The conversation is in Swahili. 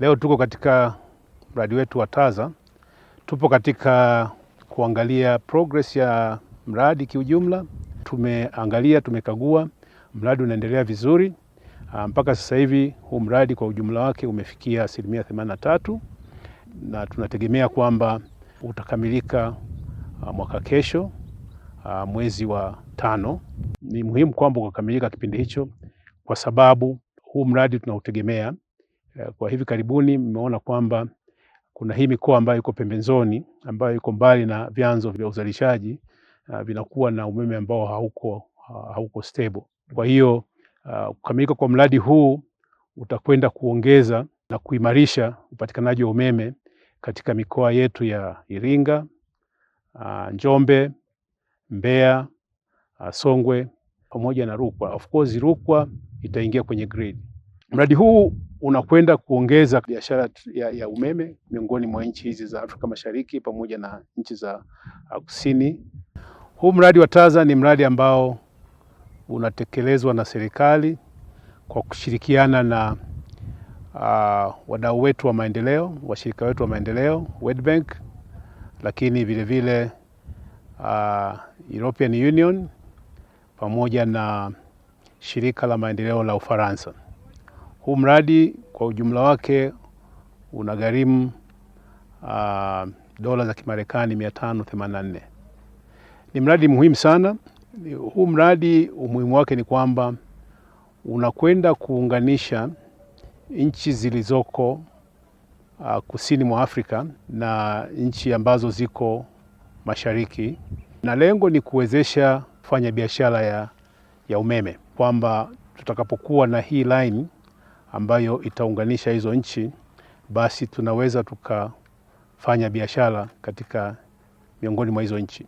Leo tuko katika mradi wetu wa TAZA, tupo katika kuangalia progress ya mradi kiujumla. Tumeangalia, tumekagua, mradi unaendelea vizuri ah, mpaka sasa hivi. Huu mradi kwa ujumla wake umefikia asilimia 83 na tunategemea kwamba utakamilika ah, mwaka kesho ah, mwezi wa tano. Ni muhimu kwamba ukakamilika kipindi hicho, kwa sababu huu mradi tunautegemea Eh, kwa hivi karibuni mmeona kwamba kuna hii mikoa ambayo iko pembezoni ambayo iko mbali na vyanzo vya uzalishaji eh, vinakuwa na umeme ambao hauko, hauko stable. Kwa hiyo eh, kukamilika kwa mradi huu utakwenda kuongeza na kuimarisha upatikanaji wa umeme katika mikoa yetu ya Iringa, Njombe, Mbeya, Songwe pamoja na Rukwa. Of course Rukwa itaingia kwenye grid. Mradi huu unakwenda kuongeza biashara ya, ya umeme miongoni mwa nchi hizi za Afrika Mashariki pamoja na nchi za uh, kusini. Huu mradi wa TAZA ni mradi ambao unatekelezwa na serikali kwa kushirikiana na uh, wadau wetu wa maendeleo, washirika wetu wa maendeleo World Bank, lakini vile uh, European Union pamoja na shirika la maendeleo la Ufaransa. Huu mradi kwa ujumla wake unagharimu uh, dola za Kimarekani 584. Ni mradi muhimu sana. Huu mradi umuhimu wake ni kwamba unakwenda kuunganisha nchi zilizoko uh, kusini mwa Afrika na nchi ambazo ziko mashariki, na lengo ni kuwezesha kufanya biashara ya, ya umeme kwamba tutakapokuwa na hii line ambayo itaunganisha hizo nchi, basi tunaweza tukafanya biashara katika miongoni mwa hizo nchi.